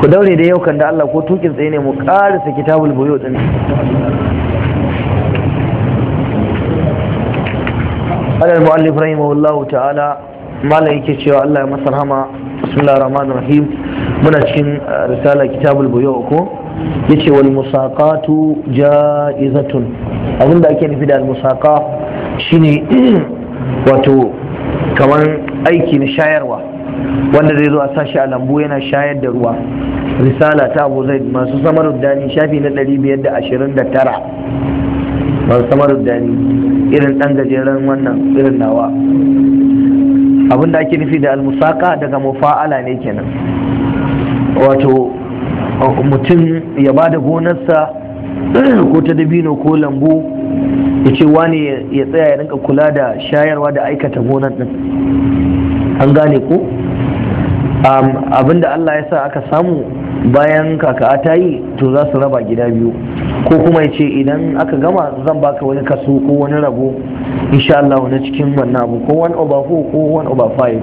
ku daure da yau kan da Allah ko tukin tsaye ne mu karisa kitabul buyu din alal mu'allif rahimahullahu ta'ala malai yake cewa Allah ya masa rahama bismillahir rahmanir rahim muna cikin uh, risala kitabul buyu ko yace wal musaqatu jaizatun abinda ake nufi da al musaqa shine wato kamar aiki na shayarwa wanda zai zo a sashi a lambu yana shayar da ruwa risala ta abu zai masu samar dani shafi na 529 masu samar dani irin dan gajeren wannan irin nawa abin da ake nufi da almusaka daga mufa'ala ne kenan wato mutum ya ba da gonarsa ko ta dabino ko lambu ya ce wani ya tsaya ya rinka kula da shayarwa da aikata gonar din an gane ko abinda Allah ya sa aka samu bayan kaka ta yi to za su raba gida biyu ko kuma ya ce idan aka gama zan baka wani kaso ko wani rabo insha Allah wani cikin wannan abu ko wani over four ko wani over five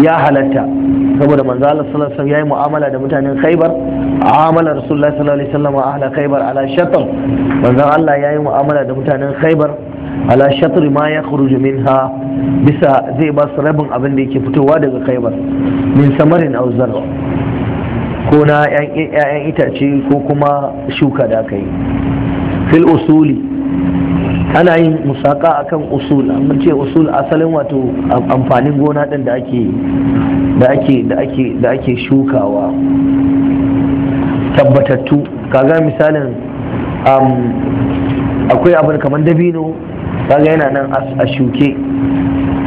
ya halatta saboda manzo Allah sallallahu alaihi yayi mu'amala da mutanen Khaibar amala Rasulullahi sallallahu alaihi wasallam ahla Khaibar ala shatr manzo Allah yayi mu'amala da mutanen Khaibar ala shatar ma ya khuruju ha bisa zai ba su rabin abin da yake fitowa daga kaibar. min samarin auzar ko na 'ya'yan itace ko kuma shuka da aka fil usuli ana yin musaka akan usul amma ce usul asalin wato amfanin gona din da ake da ake shukawa tabbatattu kaga misalin um, akwai abin kamar dabino kaga yana nan a shuke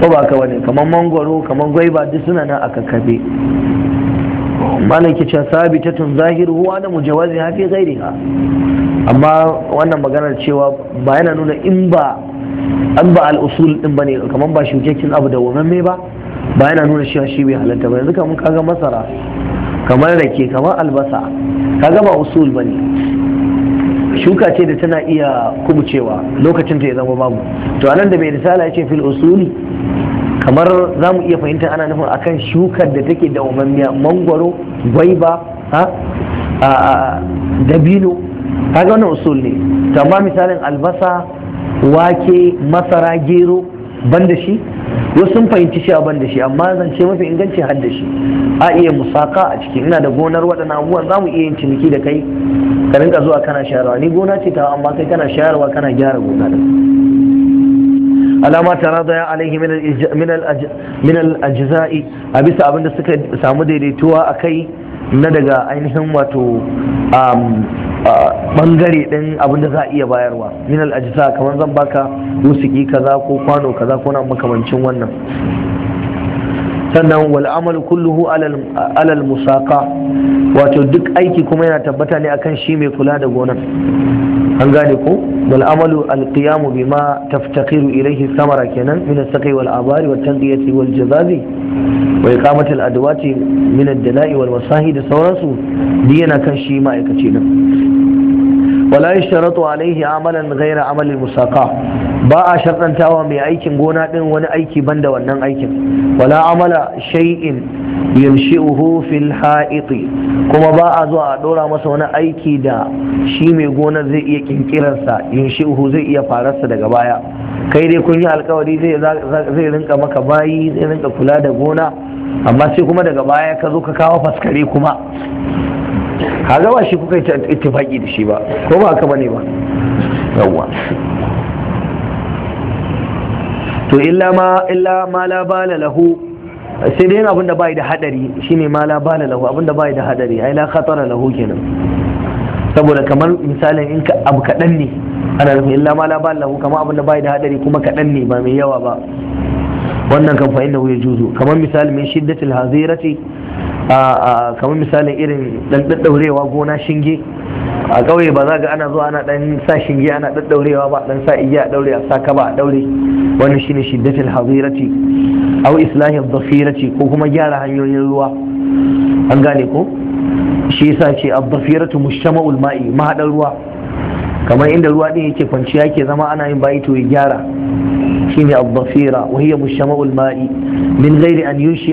ko ba ka wani kamar mangwaro kamar gwaiba duk suna nan a kakkabe malaki ta tun zahir huwa da mujawazi hafi ha amma wannan maganar cewa ba yana nuna in ba an ba al'usul din ne kamar ba shukekin abu da mai ba ba yana nuna cewa shi bai halatta ba yanzu kamar kaga masara kamar rake kamar albasa kaga ba usul bane shuka ce da tana iya kubucewa lokacin ta ya zama babu to anan da mai risala ya ce fil usuli kamar za mu iya fahimta ana nufin akan shukar da take da umamiya mangwaro gwaiba a dabino kaga wannan usul ne to amma misalin albasa wake masara gero ban da shi wasu sun fahimci shi a ban da shi amma zance mafi inganci har da shi a iya musaka a ciki ina da gonar waɗannan abubuwan za mu iya yin ciniki da kai ka rinka zuwa kana shayarwa ni gona ce ta amma kai kana shayarwa kana gyara gona da alama tara da ya alaihi min al-ajza'i a bisa abinda suka samu daidaituwa a kai na daga ainihin wato um, bangare din abinda za a iya bayarwa min al ajzai kamar zan baka musiki kaza ko kwano kaza ko na makamancin wannan sannan wal'amalu amal kulluhu alal musaka wato duk aiki kuma yana tabbata ne akan shi mai kula da gonar. an gane ko Wal'amalu amalu bima taftakiru ilaihi samara kenan min as-saqi wal abari wat tanqiyati wal jazazi wa iqamati al adwati min ad-dala'i wal wasahi da sauransu duk yana kan shi ma'aikaci din wala Sharatu alaihi amalan ghaira amalin musaka ba a shartantawa mai aikin gona din wani aiki banda wannan aikin wala amala shay'in yamshi'uhu fil ha'iqi kuma ba a zuwa a dora masa wani aiki da shi mai gonar zai iya kinkiransa yamshi'uhu zai iya fararsa daga baya kai dai kun yi alkawari zai rinka maka bayi zai rinka kula da gona amma sai kuma daga baya ka zo ka kawo faskare kuma kaga ba shi kuka yi ittifaki da shi ba ko ba haka bane ba yawwa to illa ma illa ma la bala lahu sai dai abin da bai da hadari shine ma la bala lahu abin da bai da hadari ai la khatara lahu kenan saboda kamar misalin in ka abu kadan ne ana nufin illa ma la bala lahu kamar abin da bai da hadari kuma kadan ne ba mai yawa ba wannan kan fa'in da ya juzu kamar misali min shiddatil hazirati kamar misalin irin dan daddaurewa gona shinge a ƙauye ba za ga ana zuwa ana dan sa shinge ana daddaurewa ba dan sa igiya daure a sa kaba a daure wannan shine shiddatul hazirati aw islahi dhafirati ko kuma gyara hanyoyin ruwa an gane ko shi yasa ce abdafiratu mushtama'ul ma'i mahadar ruwa kamar inda ruwa din yake kwanciya yake zama ana yin bayi to ya gyara shine abdafira wa hiya mushtama'ul ma'i min ghairi an yunshi